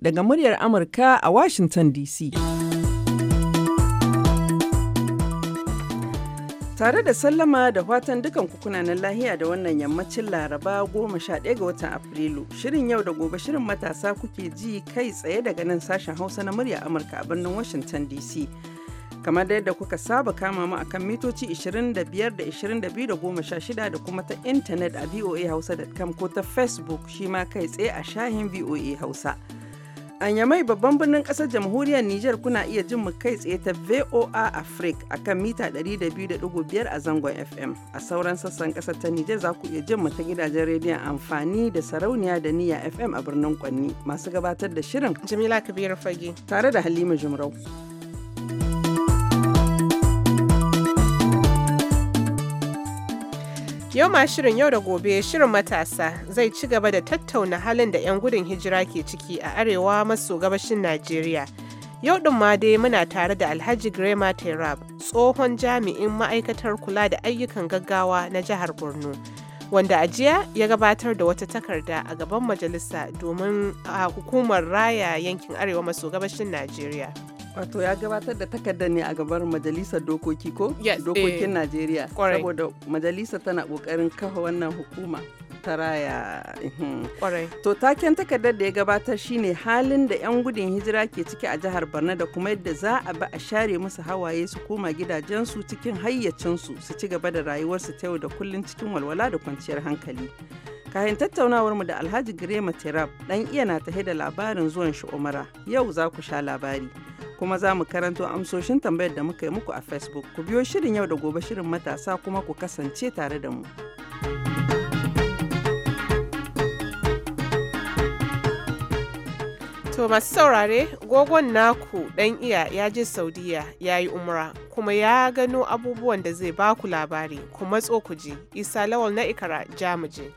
Daga muryar Amurka a Washington DC. Tare da sallama da fatan dukan kukunanan lahiya da wannan yammacin Laraba goma sha ɗaya ga watan Afrilu. Shirin yau da gobe shirin matasa kuke ji kai tsaye daga nan sashen Hausa na murya Amurka a birnin Washington DC. kamar yadda kuka saba kama mu akan mitoci 25 da 22 da 16 da kuma ta intanet a voahausa.com ko ta facebook shi ma kai tsaye a shahin voa hausa a yamai babban birnin kasar jamhuriyar niger kuna iya jin mu kai tsaye ta voa africa akan mita 200.5 a zangon fm a sauran sassan kasar ta niger za ku iya jin mu ta gidajen rediyon amfani da sarauniya da niyya fm a birnin kwanni masu gabatar da shirin jamila kabiru fage tare da halima jumrau Yau ma shirin yau da gobe shirin matasa zai ci gaba da tattauna halin da 'yan gudun hijira ke ciki a arewa maso gabashin Najeriya. Yau ɗin ma dai muna tare da Alhaji Grema Terab, tsohon jami'in ma'aikatar kula da ayyukan gaggawa na jihar Borno, wanda ajiya ya gabatar da wata takarda a gaban majalisa domin a hukumar raya yankin arewa maso gabashin Najeriya. wato ya gabatar da takardar ne a gabar majalisar dokoki ko dokokin eh, najeriya saboda majalisa tana kokarin kafa wannan hukuma ta raya to taken takardar da ya gabatar shine halin da 'yan gudun hijira ke ciki a jihar barna da kuma yadda za a ba a share musu hawaye su koma gidajensu cikin hayyacinsu su ci gaba da rayuwarsu ta yau da kullum cikin walwala da kwanciyar hankali kayan tattaunawarmu da alhaji grema terab dan iya na tahe da labarin zuwan shi umara yau za ku sha labari kuma za mu karanto amsoshin tambayar da muka yi muku a facebook ku biyo shirin yau da gobe shirin matasa kuma ku kasance tare da mu to masu saurare gogon naku dan iya ya je saudiya ya yi umra kuma ya gano abubuwan da zai baku labari ku matso ku ji isa lawal na ikara jamuje.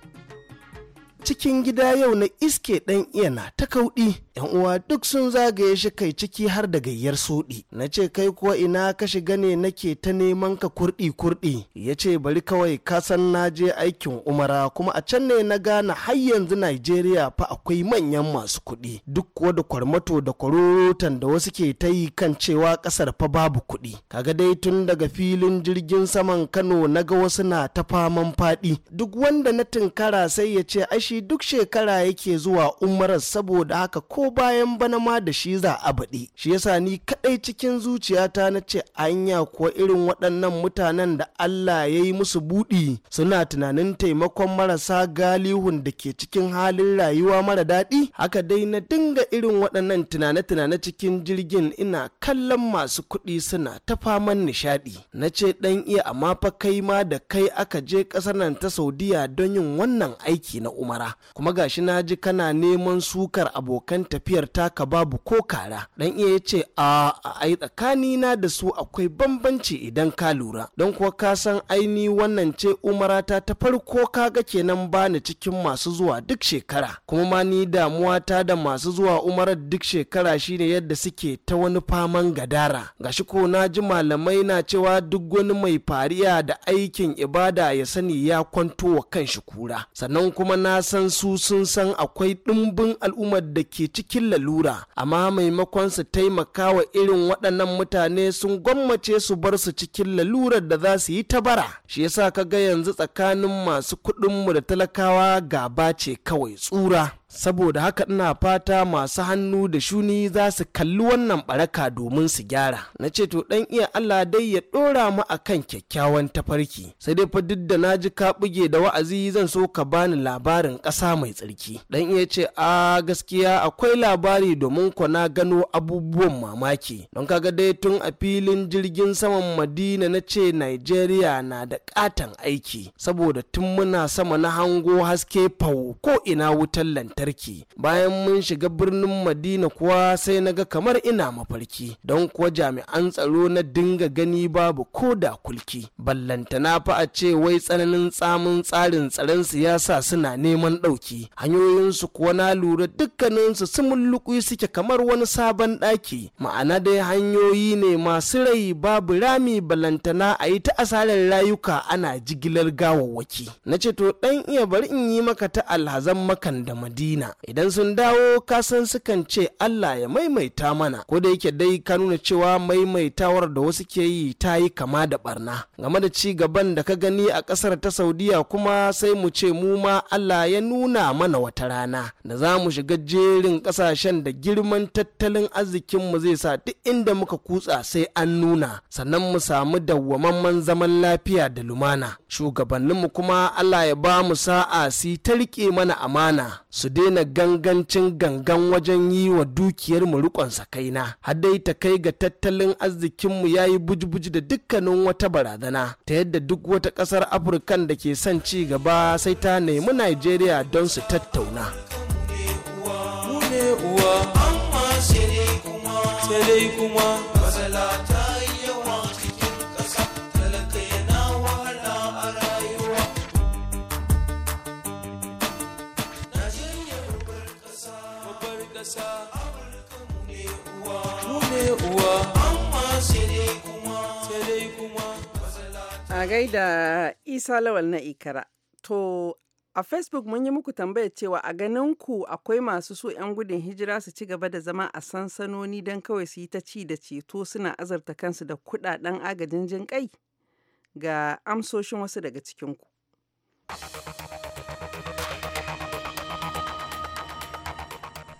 cikin gida yau na iske ɗan na ta kauɗi yan uwa duk sun zagaye shi kai ciki har da gayyar soɗi na ce kai kuwa ina ka shiga ne nake ta neman ka kurɗi kurɗi ya ce bari kawai ka san na je aikin umara kuma a can ne na gane har yanzu najeriya fa akwai manyan masu kuɗi duk kuwa da kwarmato da kwarotan da wasu ke ta yi kan cewa ƙasar fa babu kuɗi kaga dai tun daga filin jirgin saman kano na ga wasu na ta faman faɗi duk wanda na tunkara sai ya ce ai shi duk shekara yake zuwa umarar saboda haka ko bayan bana ma da shi za a baɗi shi yasa ni kaɗai cikin zuciyata na ce anya ko irin waɗannan mutanen da Allah ya yi musu buɗi suna tunanin taimakon marasa galihun da ke cikin halin rayuwa mara daɗi haka dai na dinga irin waɗannan tunane-tunane cikin jirgin ina kallon masu kuɗi suna ta faman nishaɗi na ce ɗan iya amma fa kai ma da kai aka je ƙasar nan ta saudiya don yin wannan aiki na umar tsara kuma gashi na ji kana neman sukar abokan tafiyar taka babu ko kara dan iya ya ce a ai tsakani na da su akwai bambanci idan ka lura don kuwa ka san aini wannan ce umarata ta farko kaga kenan bani cikin masu zuwa duk shekara kuma ma ni damuwa ta da masu zuwa umarar duk shekara shine yadda suke ta wani faman gadara gashi ko na ji malamai na cewa duk wani mai fariya da aikin ibada ya sani ya kwanto wa kan shi kura sannan kuma na san su sun san akwai ɗimbin al'ummar da ke cikin lalura amma maimakon su taimaka wa irin waɗannan mutane sun gwammace su bar su cikin lalurar da za su yi ta bara shi yasa ka ga yanzu tsakanin masu kuɗinmu da talakawa gaba ce kawai tsura saboda haka ina fata masu hannu da shuni za su kalli wannan baraka domin su gyara na ce to dan iya Allah dai ya dora mu akan kyakkyawan tafarki sai dai fa duk da na ji ka buge da wa'azi zan so ka bani labarin ƙasa mai tsarki dan iya ce a gaskiya akwai labari domin ku na gano abubuwan mamaki don kaga dai tun a filin jirgin saman Madina na ce Nigeria na da ƙaton aiki saboda tun muna sama na hango haske fawo ko ina wutar lantarki lantarki bayan mun shiga birnin madina kuwa sai na ga kamar ina mafarki don kuwa jami'an tsaro na dinga gani babu ko da kulki ballantana fa a ce wai tsananin tsamin tsarin tsaron siyasa suna neman ɗauki hanyoyinsu kuwa na lura dukkaninsu sumulluƙi suke kamar wani sabon ɗaki ma'ana dai hanyoyi ne masu rai babu rami ballantana a yi ta asarar rayuka ana jigilar gawawwaki na ce to ɗan iya bari in yi maka ta alhazan makan da madi madina idan sun dawo kasan sukan ce allah ya maimaita mana ko da yake dai ka nuna cewa maimaitawar da wasu ke yi ta yi kama da barna game da ci gaban da ka gani a kasar ta saudiya kuma sai mu ce mu ma allah ya nuna mana wata rana da za mu shiga jerin kasashen da girman tattalin arzikin mu zai sa duk inda muka kutsa sai an nuna sannan mu samu dawwamamman zaman lafiya da lumana shugabanninmu kuma allah ya ba mu sa'a su ta rike mana amana su daina gangancin gangan wajen yi wa dukiyar mu rikon sakaina haddai ta kai ga tattalin arzikinmu ya yi buji da dukkanin wata barazana ta yadda duk wata kasar afirkan da ke son ci gaba sai ta nemi nigeria don su tattauna A gaida Isa Lawal na Ikara. To, a Facebook mun yi muku tambaya cewa a ganin ku akwai masu so 'yan gudun hijira su ci gaba da zama a sansanoni don kawai su yi ta ci da ceto suna azarta kansu da kudaden agajin jin kai ga amsoshin wasu daga cikinku.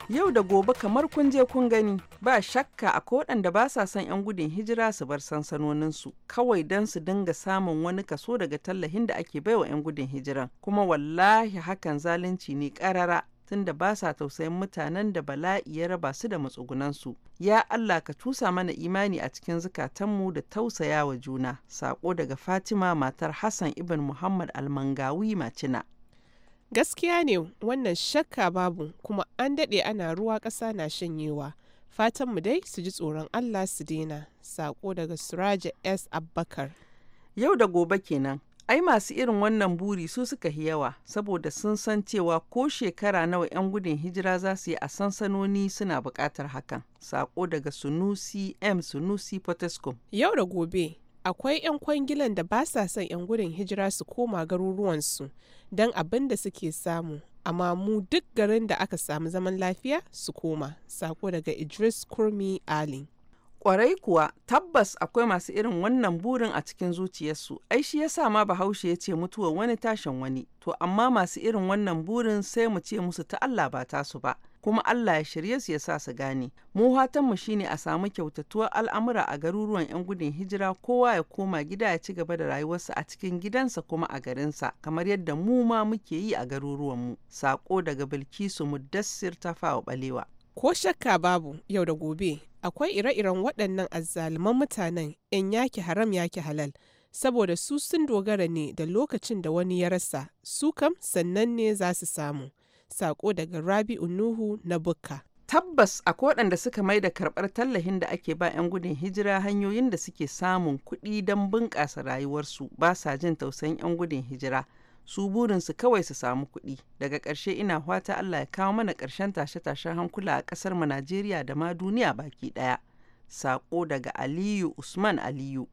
Yau da gobe kamar kun je kun gani ba shakka a waɗanda ba sa son 'yan gudun hijira su bar sansanoninsu kawai don su dinga samun wani kaso daga tallahin da ake baiwa 'yan gudun hijiran kuma wallahi hakan zalunci ne ƙarara tunda ba sa tausayin mutanen da bala'i ya raba su da matsugunansu. Ya Allah ka tusa mana imani a cikin zukatanmu da tausayawa juna. Sako daga Fatima matar Hassan ibn Muhammad Almangawi Macina. Gaskiya ne wannan shakka babu kuma an daɗe ana ruwa ƙasa na shanyewa, fatanmu dai su ji tsoron Allah su daina, saƙo daga Suraja S. Abbakar. Yau da gobe kenan, ai masu irin wannan buri su suka yi yawa, saboda sun san cewa ko shekara nawa 'yan gudun hijira za su yi a sansanoni suna buƙatar hakan. Saƙo daga Sunusi M. Sunusi Potescom. Yau da gobe, akwai 'yan kwangilan da ba sa son 'yan gudun hijira su koma garuruwansu don abin da suke samu amma mu duk garin da aka samu zaman lafiya su koma sako daga idris kurmi ali kwarai kuwa tabbas akwai masu irin wannan burin a cikin zuciyarsu ai shi yasa ma bahaushe ya ce mutuwa wani tashin wani to amma masu irin wannan burin sai mu ce musu ta Allah ba tasu ba kuma Allah ya shirye su ya sa su gane. Mu mu shine a samu kyautatuwar al'amura a garuruwan 'yan gudun hijira kowa ya koma gida ya ci gaba da rayuwarsa a cikin gidansa kuma a garinsa kamar yadda mu ma muke yi a garuruwan mu Sako daga Bilkisu Muddassir ta fawa balewa. Ko shakka babu yau da gobe akwai ire-iren waɗannan azzaluman mutanen 'yan yaki haram yaki halal. Saboda su sun dogara ne da lokacin da wani ya rasa, su kam sannan ne za su samu. Sako daga Rabi'u Nuhu na Bukka. Tabbas akwai waɗanda suka mai da karɓar tallahin da ake ba 'yan gudun hijira hanyoyin da suke samun kuɗi don bunƙasa rayuwarsu ba sa jin tausayin 'yan gudun hijira. su burinsu kawai su samu kuɗi daga ƙarshe ina fata Allah ya kawo mana ƙarshen tashe-tashen hankula a ƙasar mu Najeriya da ma duniya baki ɗaya sako daga Aliyu Usman Aliyu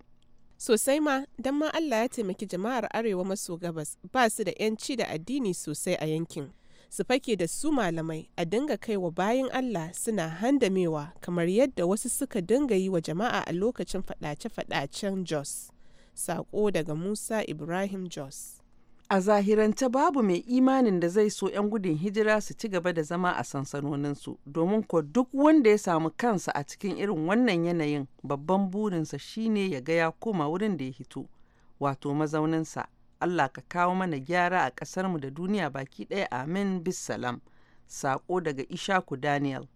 sosai ma don ma Allah ya taimaki jama'ar arewa maso gabas ba su da 'yanci da addini sosai a yankin su fake da su malamai a dinga kaiwa bayan Allah suna handamewa kamar yadda wasu suka dinga yi wa jama'a a lokacin faɗace-faɗacen Jos. Sako daga Musa Ibrahim Jos. A zahirance babu mai imanin da zai so 'yan gudun hijira su ci gaba da zama a sansanoninsu, domin ko duk wanda ya samu kansa a cikin irin wannan yanayin babban burinsa shine ya ga ya koma wurin da ya hito, wato mazauninsa. Allah ka kawo mana gyara a ƙasarmu da duniya baki ɗaya amin bisalam. saƙo daga Ishaku Daniel.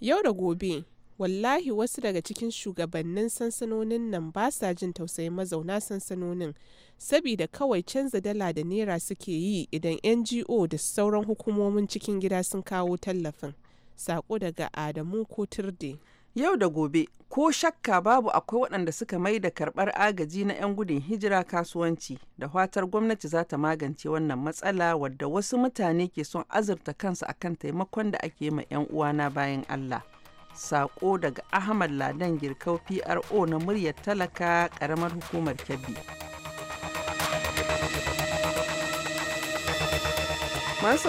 Yau da gobe, wallahi wasu daga cikin shugabannin sansanonin nan ba sa jin tausayin mazauna sansanonin, sabida kawai canza dala da naira suke yi idan NGO da sauran hukumomin cikin gida sun kawo tallafin. saƙo daga Adamu ko Kotirde. Yau da gobe, ko shakka babu akwai waɗanda suka mai da karɓar agaji na 'yan gudun hijira kasuwanci, da fatar gwamnati za ta magance wannan matsala wadda wasu mutane ke son azurta kansu a kan taimakon da ake ma 'yan uwana bayan Allah. Sako daga Ahmad Ladan Girkau PRO na muryar talaka ƙaramar hukumar Kebbi. Masu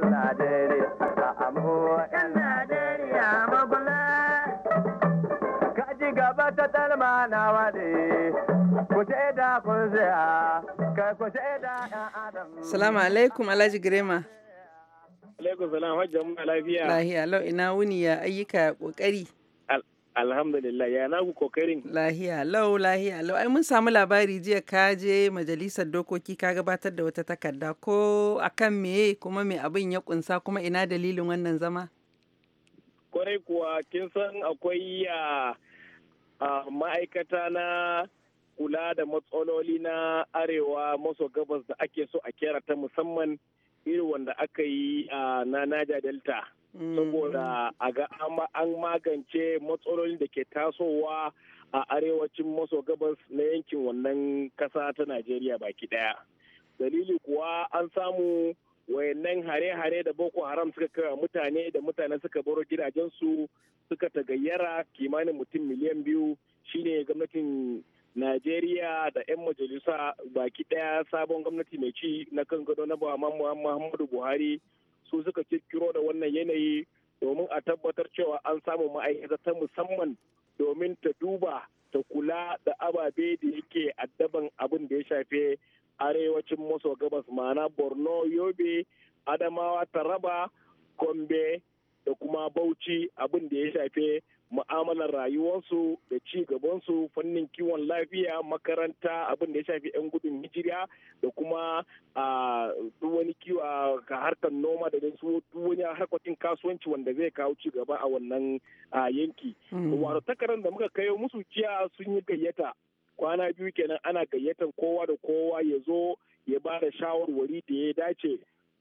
yan Najeriya a gaba ta dalma na wade salamu alaikum alhaji grema alaikum salam hajjar lafiya lafiya lau ina wuni ya ayyuka ƙoƙari. Alhamdulillah ya nagu kokarin. Lahiya lau lahiya lau ai mun samu labari jiya ka je majalisar dokoki ka gabatar da wata takarda ko akan meye kuma me abin ya kunsa kuma ina dalilin wannan zama? Kwarai kuwa kin san akwai ma'aikata na kula da matsaloli na arewa maso gabas da ake so a kera ta musamman irin wanda aka yi na Naja Delta. saboda mm-hmm. a ga an magance matsalolin da ke tasowa a arewacin maso gabas na yankin wannan kasa ta najeriya baki daya dalili kuwa an samu wayannan hare-hare da boko haram suka kawo mutane da mutane suka baro gidajensu suka tagayyara kimanin mutum miliyan biyu shine gwamnatin najeriya da 'yan majalisa baki daya sabon gwamnati mai ci na kan gado na muhammadu buhari su suka kirkiro da wannan yanayi domin a tabbatar cewa an samu ma'aikata ta musamman domin ta duba ta kula da ababe da yake addaban abin da ya shafe arewacin maso gabas mana borno yobe adamawa taraba gombe da kuma bauchi abin da ya shafe mu'amalar rayuwarsu da ci gabansu fannin kiwon lafiya makaranta abin da ya shafi 'yan gudun hijira da kuma duk wani kiwo a harkar noma da su duk wani harkokin kasuwanci wanda zai kawo ci gaba a wannan yanki mm. wato takarar da muka kai musu jiya sun yi gayyata kwana biyu kenan ana gayyatar kowa da kowa ya zo ya ba da shawarwari da ya dace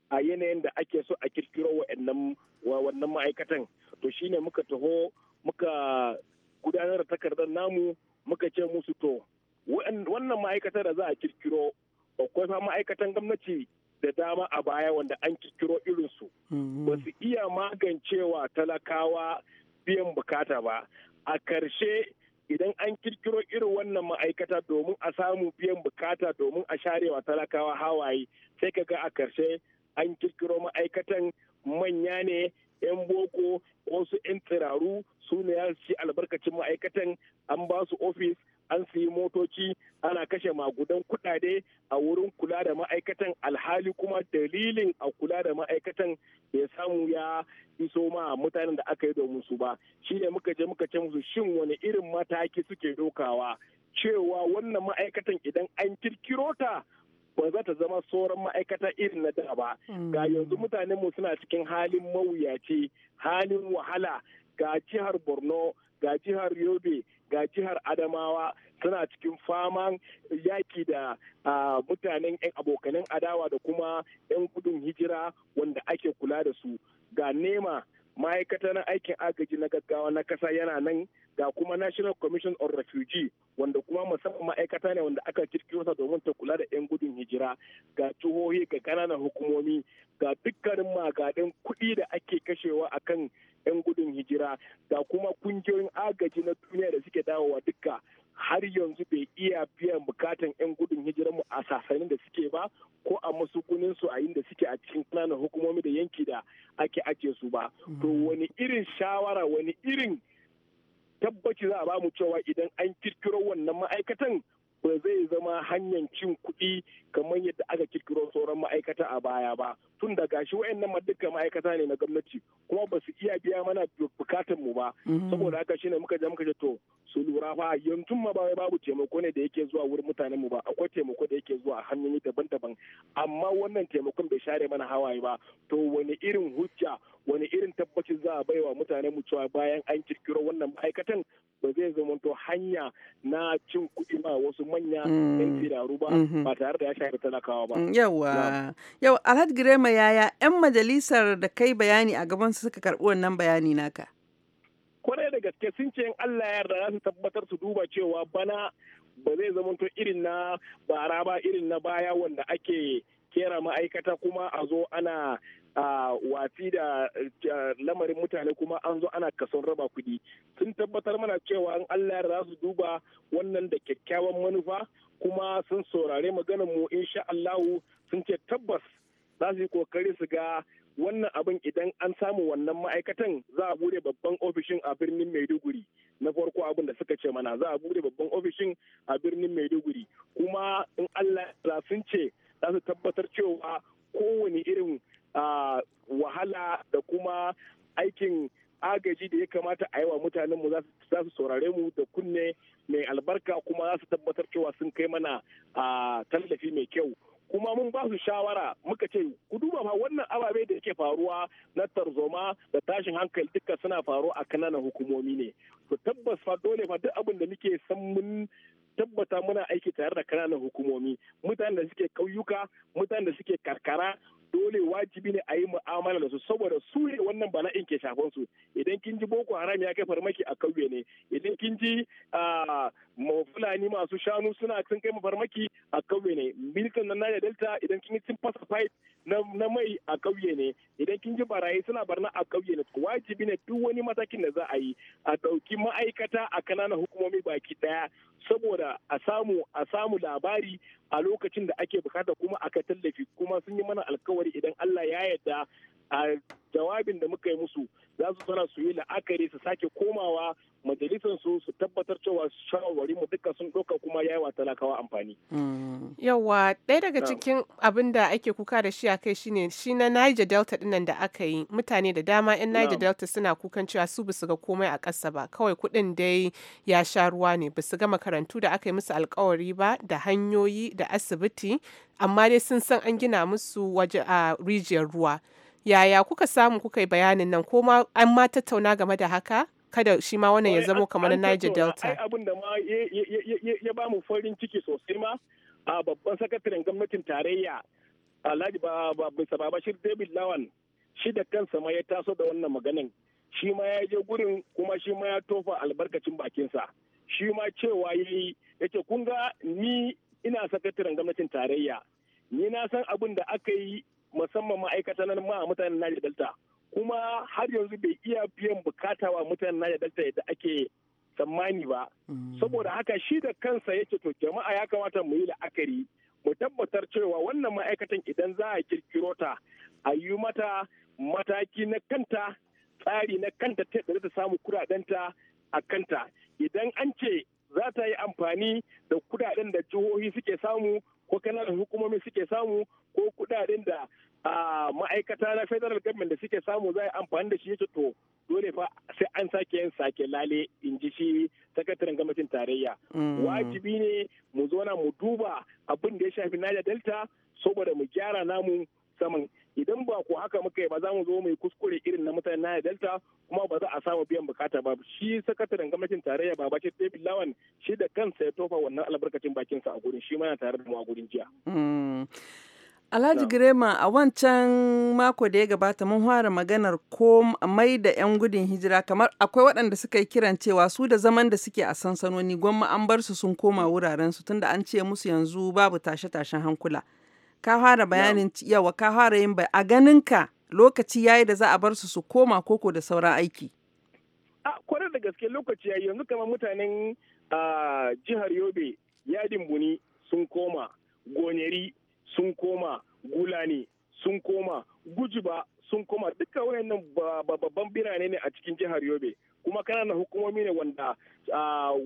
a yanayin da ake so a kirkiro wa wannan ma'aikatan to shine muka taho muka gudanar da takardar namu muka ce musu to wannan ma'aikatar da za a kirkiro akwai fa ma'aikatan gwamnati da dama a baya wanda an kirkiro irinsu mm-hmm. ba su iya magancewa talakawa biyan bukata ba a karshe idan an kirkiro irin wannan ma'aikata domin a samu biyan bukata domin a sharewa talakawa hawaye sai ka ga a karshe an kirkiro ma'aikatan manya ne 'yan boko ko su 'yan tsiraru su ne ya ci albarkacin ma'aikatan an ba su ofis an siyi motoci ana kashe magudan kudade a wurin kula da ma'aikatan alhali kuma dalilin a kula da ma'aikatan ya samu ya iso ma mutanen da aka yi domin su ba shi ne muka je muka ce musu shin wani irin mataki suke dokawa cewa wannan ma'aikatan idan an kirkiro ta ba za ta zama sauran ma'aikata irin na da ba mm. ga yanzu mutanen mu suna cikin halin mawuyaci halin wahala ga jihar borno ga jihar yobe ga jihar adamawa suna cikin faman yaki da mutanen 'yan abokanen adawa da kuma 'yan gudun hijira wanda ake kula da su ga nema ma'aikata na aikin agaji na gaggawa na kasa yana nan ga kuma National Commission on Refugee wanda kuma musamman ma'aikata ne wanda aka kirkiro sa domin ta kula da 'yan gudun hijira ga tuhohi ga kananan hukumomi ga dukkanin magadan kuɗi da ake kashewa a kan 'yan gudun hijira ga kuma kungiyoyin agaji na duniya da suke dawowa duka har yanzu bai iya biyan bukatan 'yan gudun hijiranmu a sasanin da suke ba ko a masukunin su a inda suke a cikin kananan hukumomi da yanki da ake ake su ba to hmm. wani irin shawara wani irin tabbaci za a ba mu cewa idan an kirkiro wannan ma'aikatan ba zai zama hanyar cin kuɗi kamar yadda aka kirkiro sauran ma'aikata a baya ba tun da gashi wayannan ma dukkan ma'aikata ne na gwamnati kuma ba su iya biya mana bukatan mu ba mhm. saboda haka shine muka je muka to su lura fa yanzu ma ba babu taimako ne da yake zuwa wurin mutanen mu ba akwai taimako da yake zuwa hanyoyi daban-daban amma wannan taimakon bai share mana hawaye ba to wani irin hujja wani irin tabbacin za a baiwa mutanen mu cewa bayan an kirkiro wannan ma'aikatan ba zai zama hanya na cin kuɗi ma wasu manya mm. yan ba mm-hmm. ba tare da ya shafi talakawa ba. Mm, yawa, yawa Alhaji Girema yaya 'yan majalisar da kai bayani a gaban su suka karɓi wannan bayani naka? Kwarai da gaske sun ce Allah ya yarda za su tabbatar su duba cewa bana ba zai zamanto irin na bara ba irin na baya wanda ake kera ma'aikata kuma a zo ana a watsi da lamarin mutane kuma an zo ana kason raba kuɗi sun tabbatar mana cewa in allah za su duba wannan da kyakkyawan manufa kuma sun saurare maganar mu insha allahu sun ce tabbas za su yi kokari su ga wannan abin idan an samu wannan ma'aikatan za a bude babban ofishin a birnin maiduguri na farko abin da suka ce mana za a bude babban ofishin a birnin maiduguri kuma in allah sun ce za su tabbatar cewa kowane irin wahala da kuma aikin agaji da ya kamata a yi wa mutanenmu za su saurare mu da kunne mai albarka kuma za su tabbatar cewa sun kai mana tallafi mai kyau kuma mun ba su shawara muka ce ku duba ma wannan ababe da yake faruwa na tarzoma da tashin hankali duka suna faruwa a kananan hukumomi ne to tabbas fa dole fa duk abin da muke san mun tabbata muna aiki tare da kananan hukumomi mutanen da suke ƙauyuka mutanen da suke karkara dole wajibi ne a yi mu'amala da su saboda su ne wannan bala'in ke shafan su idan kin ji boko haram ya kai farmaki a kauye ne idan kin ji fulani masu shanu suna sun kai farmaki a kauye ne milkan na Delta idan kin sun fasa na mai a kauye ne idan kin ji barayi suna barna a kauye ne wajibi ne duk wani matakin da za a yi a ɗauki ma'aikata a kananan hukumomi baki daya saboda a samu a samu labari a lokacin da ake bukata kuma aka tallafi kuma sun yi mana alkawari idan Allah ya yarda a jawabin da muka yi musu za su tana su yi la'akari su sake komawa majalisar su su tabbatar cewa shawarwari mu duka sun doka kuma yayi wa talakawa amfani. Mm. yawa ɗaya daga cikin abin da ake kuka da shi a kai shine shi na Niger Delta dinnan da aka yi mutane da dama 'yan Niger Delta suna kukan cewa su basu ga komai a ƙasa ba kawai kuɗin dai ya sha ruwa ne basu ga makarantu da aka yi musu alkawari ba da hanyoyi da asibiti amma dai sun san an gina musu waje a rijiyar ruwa. yaya kuka samu kuka yi bayanin nan ko an ma tattauna game da haka kada shi ma wannan ya zamo kamar Niger Delta. Ai abin da ma ya ba mu farin ciki sosai ma a babban sakataren gwamnatin tarayya Alhaji Bisa Babashir David Lawan shi da kansa ma ya taso da wannan maganin shi ma ya je gurin kuma shi ma ya tofa albarkacin bakinsa shi ma cewa yayi yace kun ga ni ina sakataren gwamnatin tarayya ni na san abin da aka yi musamman ma'aikata nan ma mutanen Niger Delta kuma har yanzu bai iya biyan bukata wa mutanen Niger Delta yadda ake tsammani ba mm. saboda haka shi da kansa yake to jama'a ya kamata mu yi la'akari mu tabbatar cewa wannan ma'aikatan idan za a kirkiro ta a yi mata mataki na kanta tsari na kanta ta da ta samu kuɗaɗenta a kanta idan an ce za ta yi amfani da kudaden da jihohi suke samu ko kananan hukumomi suke samu ko kudaden da ma'aikata na federal government da suke samu za a amfani da shi ya to dole fa sai an sake yin sake lale in ji shi sakataren gwamnatin tarayya mm. wajibi ne mu zo na mu duba abin da ya shafi naja delta saboda mu gyara namu saman idan ba ko haka muka yi ba za mu zo mai kuskure irin na mutane na delta kuma ba za a samu biyan bukata ba shi sakataren gwamnatin tarayya ba david lawan shi da kansa ya tofa wannan albarkacin bakin sa a gurin shi ma yana tare da mu a gurin jiya. Hmm. Alhaji Girema a wancan mako da ya gabata mun fara maganar ko mai da 'yan gudun hijira kamar akwai waɗanda suka yi kiran cewa su da zaman da suke a sansanoni gwamma an bar su sun koma wurarensu tunda an ce musu yanzu babu tashe-tashen hankula. ka fara bayanin yawa ka fara yin a ganin ka lokaci yayi da za a bar su su koma koko da sauran aiki a kwarar da gaske lokaci yayi yanzu kamar mutanen jihar Yobe yadin buni sun koma goneri sun koma gulani sun koma gujiba sun koma duka wayannan babban birane ne a cikin jihar Yobe kuma kananan hukumomi ne wanda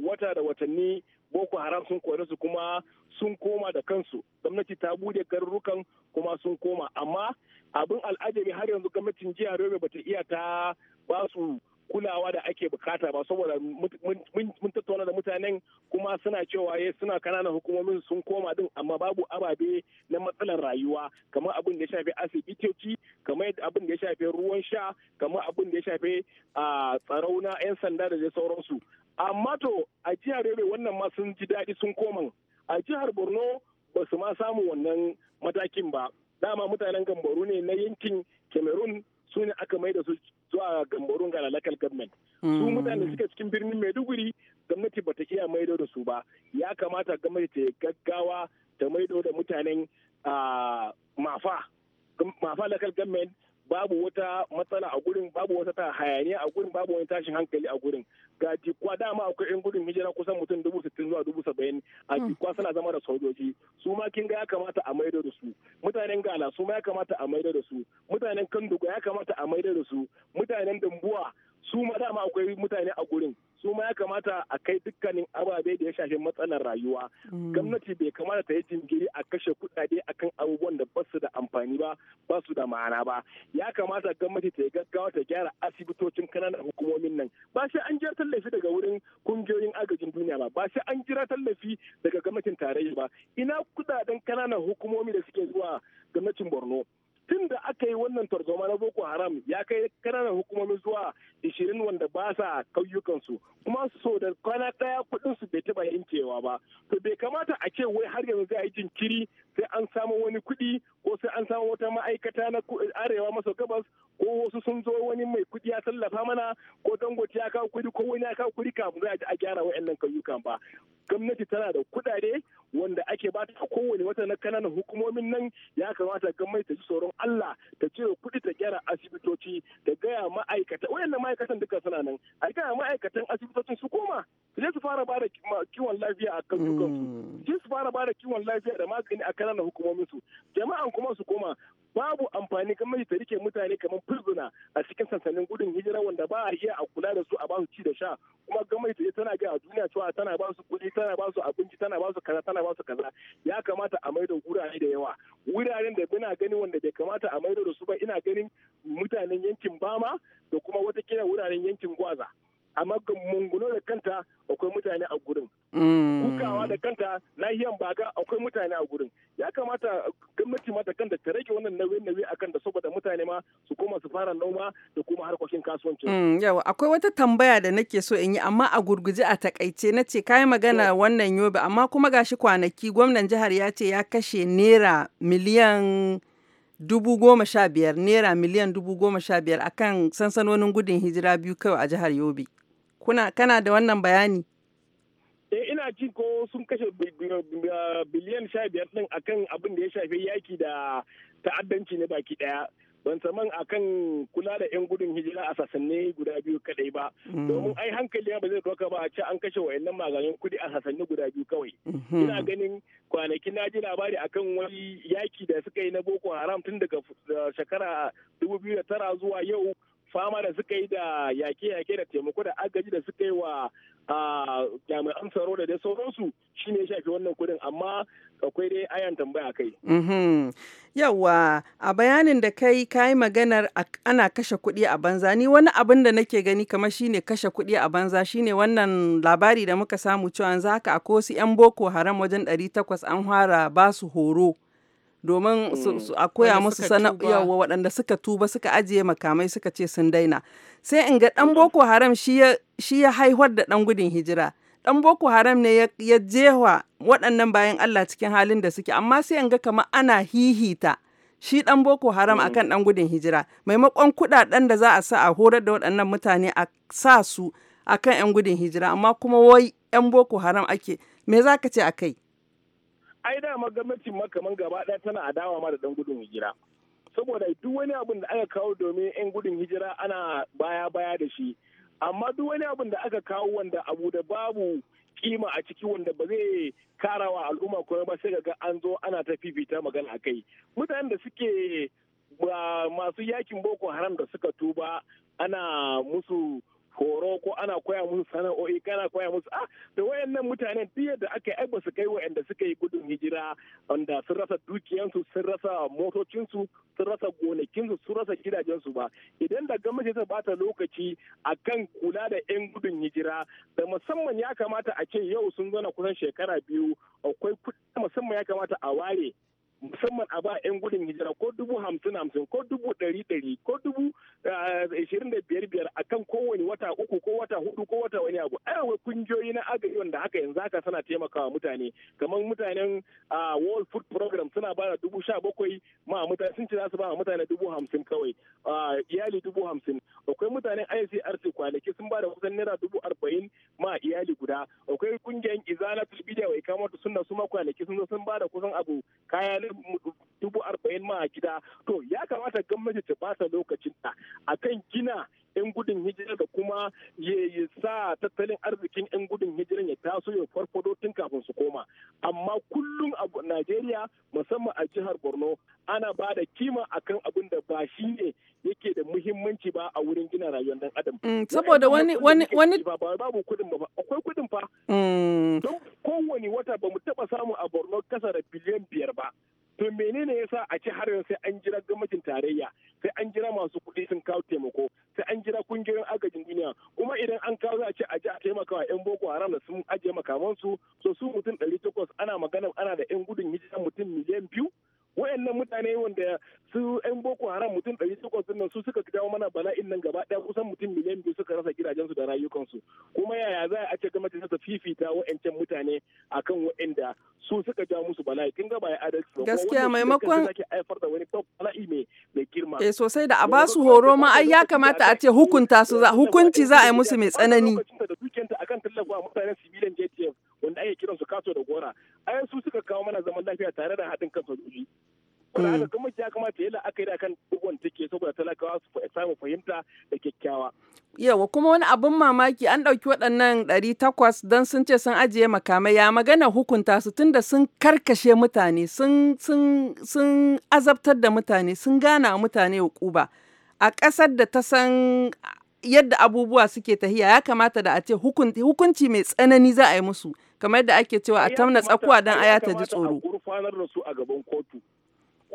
wata da watanni boko haram sun kore su kuma sun koma da kansu gwamnati ta bude garurukan kuma sun koma amma abin al'ajabi har yanzu gwamnatin jihar yobe bata iya ta ba su kulawa da ake bukata ba saboda mun tattauna da mutanen kuma suna cewa ya eh, suna kananan hukumomin sun koma din amma babu ababe na matsalar rayuwa kamar abin da ya shafi asibitoci kamar abin da ya shafi ruwan sha kamar abin da ya shafi tsaro na 'yan sanda da zai sauransu amma to a jihar yobe wannan ma sun ji daɗi sun koma a jihar borno ba su ma samu wannan matakin ba dama mutanen gambaru ne na yankin cameroon su ne aka mai da su zuwa gambarun ga local government su mm. mutane suke cikin birnin maiduguri gwamnati bata iya maido da su ba ya kamata gwamnati ta gaggawa ta maido da mutanen ah, mafa mafa local government babu wata matsala a gurin babu wata ta hayaniya a gurin babu wani tashin hankali a gurin ga jikwa dama akwai yan gurin hijira kusan mutum dubu sittin zuwa dubu saba'in a jikwa hmm. suna zama da sojoji su ma kin ga ya kamata a maido da su mutanen gala su ma ya kamata a maido da su mutanen kanduga ya kamata a maido da su mutanen dambuwa su ma dama akwai mutane a gurin su ma ya kamata a kai dukkanin ababe da ya shafi matsalar rayuwa mm. gwamnati bai kamata ta yi jingiri a kashe kuɗaɗe akan abubuwan da basu da amfani ba ba su da ma'ana ba ya kamata gwamnati ta yi gaggawa ta gyara asibitocin kananan hukumomin nan ba sai an jira tallafi daga wurin kungiyoyin agajin duniya ba ba sai an jira tallafi daga gwamnatin tarayya ba ina kudaden kananan hukumomi da suke zuwa gwamnatin borno tun da aka yi wannan tarzoma na boko haram ya kai kananan hukumomi zuwa ishirin wanda ba sa kauyukansu kuma so da kwana daya kudin su bai taba yankewa ba to bai kamata a ce wai har yanzu zai yi jinkiri sai an samu wani kudi ko sai an samu wata ma'aikata na arewa maso gabas ko wasu sun zo wani mai kudi ya tallafa mana ko dangote ya kawo kudi ko wani ya kawo kudi kafin za a gyara wa'annan kauyukan ba gwamnati tana da kudade kamata a kowane wata na kananan hukumomin nan ya kamata gwamnati ta ji tsoron Allah ta cire kuɗi ta gyara asibitoci ta gaya ma'aikata nan ma'aikatan duka suna nan a gaya ma'aikatan asibitocin su koma su je su fara bada kiwon lafiya a kan dukansu mm. su fara bada kiwon lafiya da magani a kananan hukumomin su jama'an kuma su koma babu amfani kamar ta rike mutane kamar firzuna a cikin sansanin gudun hijira wanda ba a iya a kula da su a basu ci da sha kuma gwamnati tana gaya a duniya cewa tana ba su kuɗi tana ba su abinci tana ba su kaza tana ba kaza ya kamata a maido wurare da yawa wuraren da bina gani wanda bai kamata a maido da su ba ina ganin mutanen yankin bama da kuma watakila wuraren yankin gwaza amma mungulo da kanta akwai mutane a gurin. Kukawa mm. da kanta nahiyan baga akwai mutane a gurin. Ya kamata gwamnati ma da kanta ta rage wannan nauye-nauye a kanta saboda mutane ma su koma su fara noma da kuma harkokin kasuwanci. Mm, yawa akwai wata tambaya da nake so in yi amma a gurguje a takaice na ce kayi magana wannan yobe amma kuma gashi kwanaki gwamnan jihar ya ce ya kashe naira miliyan dubu goma sha biyar naira miliyan dubu goma sha biyar akan sansanonin gudun hijira biyu kawai a jihar yobe kana da wannan bayani. eh ina ji ko sun kashe biliyan sha biyar din akan abin da ya shafi yaki da ta'addanci na baki ɗaya ban saman akan kula da 'yan gudun hijira a sassanne guda biyu kadai ba mm. domin ai hankali ba zai doka ba a ce an kashe wayannan maganin kuɗi a sassanne guda biyu kawai mm-hmm. ina ganin kwanaki na ji labari akan wani yaki da suka yi na boko haram tun daga shekara tara zuwa yau fama da suka yi da yaƙe-yaƙe da taimako da agaji da suka yi wa jami'an tsaro da dai sauransu shi ne shafi wannan kudin amma akwai dai ayan tambaya kai. Mhm. Yawwa a bayanin da kai kayi maganar ana kashe kuɗi a banza ni wani abin da nake gani kamar shine kashe kuɗi a banza shine wannan labari da muka samu cewa zaka ka a ko'su 'yan boko haram wajen 800 an fara basu horo. domin mm. a koya musu sana'a waɗanda suka tuba suka ajiye makamai suka ce sun daina sai in ga ɗan mm. boko haram shi ya haihuwar da ɗan gudun hijira ɗan boko haram ne ya jewa waɗannan bayan allah cikin halin da suke amma sai in ga kama ana hihita shi ɗan boko haram mm. akan ɗan gudun hijira maimakon kuɗaɗen da za a sa a horar da waɗannan mutane a sa su akan 'yan gudun hijira amma kuma wai 'yan boko haram ake me za ka ce a kai ai dama gwamnatin makaman gaba ɗaya tana adawa ma da ɗan gudun hijira saboda duk wani abin da aka kawo domin 'yan gudun hijira ana baya baya da shi amma duk wani abin da aka kawo wanda abu da babu kima a ciki wanda ba zai karawa al'umma kuma ba sai ga an zo ana ta fifita magana kai mutanen da suke masu yakin boko haram da suka tuba ana musu horo ko ana koya musu sana'o'i kana koya musu a ah, da wayannan mutanen duk yadda aka yi su basu kai wayanda suka yi gudun hijira wanda sun rasa dukiyansu sun rasa motocinsu sun rasa gonakinsu sun rasa gidajensu ba idan da gwamnati ta bata lokaci a kan kula da 'yan gudun hijira da musamman ya kamata a ce yau sun zana kusan shekara biyu akwai kuɗi musamman ya kamata a ware musamman a ba 'yan gudun hijira ko dubu hamsin hamsin ko dubu ɗari ɗari ko dubu eh, ashirin da biyar biyar a kan kowane wata uku ko wata hudu ko wata wani abu ai wai kungiyoyi na agaji wanda haka yanzu haka suna taimakawa mutane kamar mutanen ah, world food program suna ba da dubu sha bakwai ma mutane sun ce za su ba mutane dubu hamsin kawai ah, iyali dubu hamsin akwai mutanen icrc kwanaki sun ba da kusan naira dubu arba'in ma iyali guda akwai kungiyan izana tulbidiya wai kamata sunna su ma kwanaki sun zo sun ba da kusan abu kaya dubu arba'in ma a gida to ya kamata gwamnati ta bata lokacin ta akan gina yan gudun hijira da kuma ya sa tattalin arzikin yan gudun hijira ya taso ya farfado tun kafin su koma amma kullum a najeriya musamman a jihar borno ana ba da kima akan abin da ba shi ne yake da muhimmanci ba a wurin gina rayuwar dan adam mm, saboda wani wani wani babu kudin ba akwai kudin fa mm. don kowani wata ba mu taba samu a borno kasa da biliyan biyar ba to menene ya sa a ci har sai an jira gwamnatin tarayya sai an jira masu kuɗi sun kawo taimako sai an jira kungiyoyin agajin duniya kuma idan an kawo za a ce a ji a taimaka wa yan boko haram da sun ajiye makamansu so su mutum ɗari takwas ana magana ana da yan gudun hijira mutum miliyan biyu wayannan mutane wanda su yan boko haram mutum ɗari takwas nan su suka jawo mana bala'in nan gaba ɗaya kusan mutum miliyan biyu suka rasa gidajensu da rayukansu kuma yaya za a ce gwamnati ta fifita wayancan mutane akan wayanda su suka jawo musu bala'i kin ga ba ya adalci ba gaskiya maimakon zaki haifar da wani bala'i mai mai girma eh sosai da a ba su horo ma ai ya kamata a ce hukunta su za hukunci za a yi musu mai tsanani da dukiyanta akan tallafa mutanen civilian JTF wanda ake kiransu kaso da gora ayan su suka kawo mana zaman lafiya tare da haɗin kan sojoji kuma mm. akan saboda talakawa su samu fahimta da kyakkyawa. Yawa kuma wani abin mamaki an ɗauki waɗannan ɗari takwas don sun ce sun ajiye makamai ya magana hukunta su tunda sun karkashe mutane sun azabtar da mutane sun gana mutane hukuba a ƙasar da ta san yadda abubuwa suke tahiya ya kamata da a ce hukunci mai tsanani za a yi musu kamar yadda ake cewa a tamna tsakuwa don aya ta ji tsoro. a gaban kotu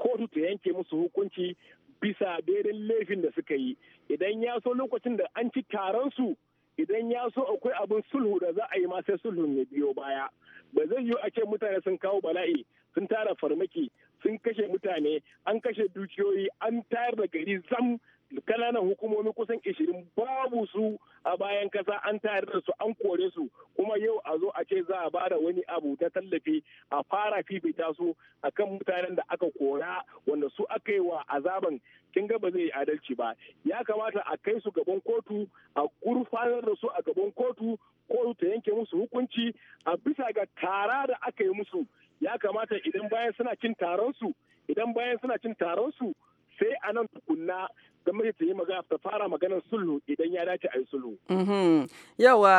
kotu ta yanke musu hukunci bisa daidai laifin da suka yi idan ya so lokacin da an ci taron su idan ya so akwai abin sulhu da za a yi ma sai sulhun ya biyo baya ba zai yiwu a ce mutane sun kawo bala'i sun tara farmaki sun kashe mutane an kashe dukiyoyi an tayar da gari zam kananan hukumomi kusan ishirin babu su a bayan kasa an tare da su an kore su kuma yau a zo a ce za a bada wani abu ta tallafi a fara fifita su akan mutanen da aka kora wanda su aka yi wa azaban kin ga ba zai adalci ba ya kamata a kai su gaban kotu a gurfanar da su a gaban kotu ko ta yanke musu hukunci a bisa ga tara da aka yi musu ya kamata idan bayan suna cin taron su idan bayan suna cin taron su sai a nan tukunna da ta yi magana ta fara maganar sulhu idan ya dace a yi sulhu. Mhm. Yawa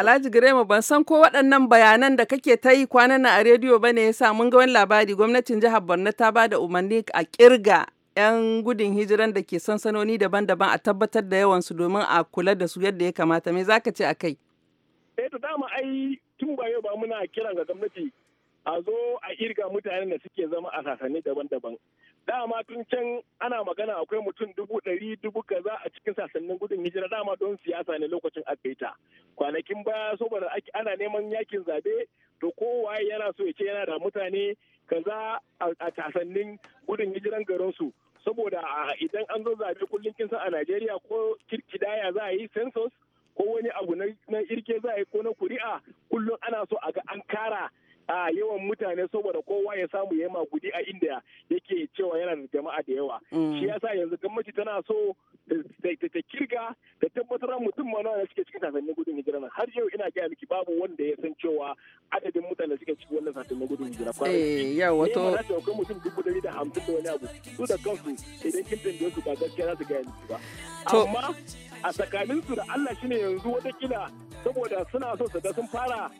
Alhaji Girema ban san ko waɗannan bayanan da kake ta yi kwanan a rediyo ba ne ya sa mun ga wani labari gwamnatin jihar Borno ta ba da umarni a kirga 'yan gudun hijiran da ke sansanoni daban-daban a tabbatar da yawan su domin a kula da su yadda ya kamata me zaka ce a kai? Eh to dama ai tun ba yau ba muna kiran ga gwamnati a zo a irga mutanen da suke zama a sasanni daban-daban. dama tun can ana magana akwai mutum dubu ɗari dubu kaza a cikin sasannin gudun hijira dama don siyasa ne lokacin akaita kwanakin baya saboda ana neman yakin zabe to kowa yana so ya ce yana da mutane kaza a sasannin gudun hijiran garinsu saboda idan an zo zabe kullum kinsa a najeriya ko kidaya za a yi census ko wani abu na irke za a yi ko na kuri'a kullum ana so a ga an kara a yawan mutane saboda kowa ya samu ya magudi a inda yake cewa yana da jama'a da yawa mm. shi yasa yanzu gwamnati tana so ta kirga da tabbatar mutum ma nawa suke cikin sasannin gudun hijira nan har yau ina gaya miki babu wanda ya san cewa adadin mutane suke cikin wannan sasannin gudun hijira kwana eh ya wato ne ma mutum dubu dari da hamsin da wani abu su da kansu idan kin tambaye su ba gaskiya za su gaya miki ba amma a tsakaninsu da Allah shine yanzu wata kila saboda suna so su ga sun fara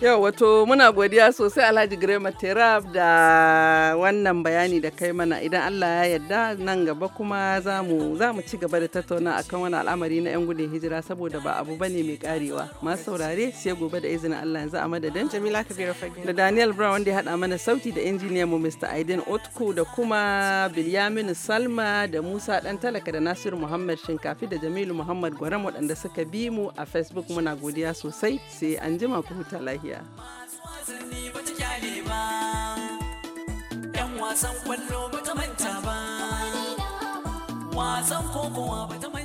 Yau wato muna godiya sosai Alhaji Grema Terab da wannan bayani da kai mana idan Allah ya yarda nan gaba kuma za mu ci gaba da tattauna akan wani al'amari na 'yan gudun hijira saboda ba abu bane mai karewa. Masu saurare sai gobe da izinin Allah yanzu a madadin. Jamila Kabiru Da Daniel Brown wanda ya haɗa mana sauti da injiniyan mu Mr. aidin otku da kuma Bilyaminu Salma da Musa Dan Talaka da Nasiru Muhammad Shinkafi da Jamilu Muhammad Gwaram waɗanda suka bi mu a Facebook muna godiya sosai sai an jima ku huta lafiya. lafiya. wasan kwallo ba manta ba wasan kokowa ba